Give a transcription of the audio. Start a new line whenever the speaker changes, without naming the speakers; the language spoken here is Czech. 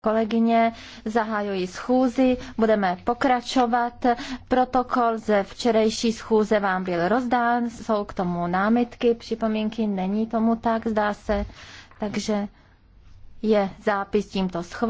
kolegyně, zahajuji schůzi, budeme pokračovat. Protokol ze včerejší schůze vám byl rozdán, jsou k tomu námitky, připomínky, není tomu tak, zdá se, takže je zápis tímto schválen.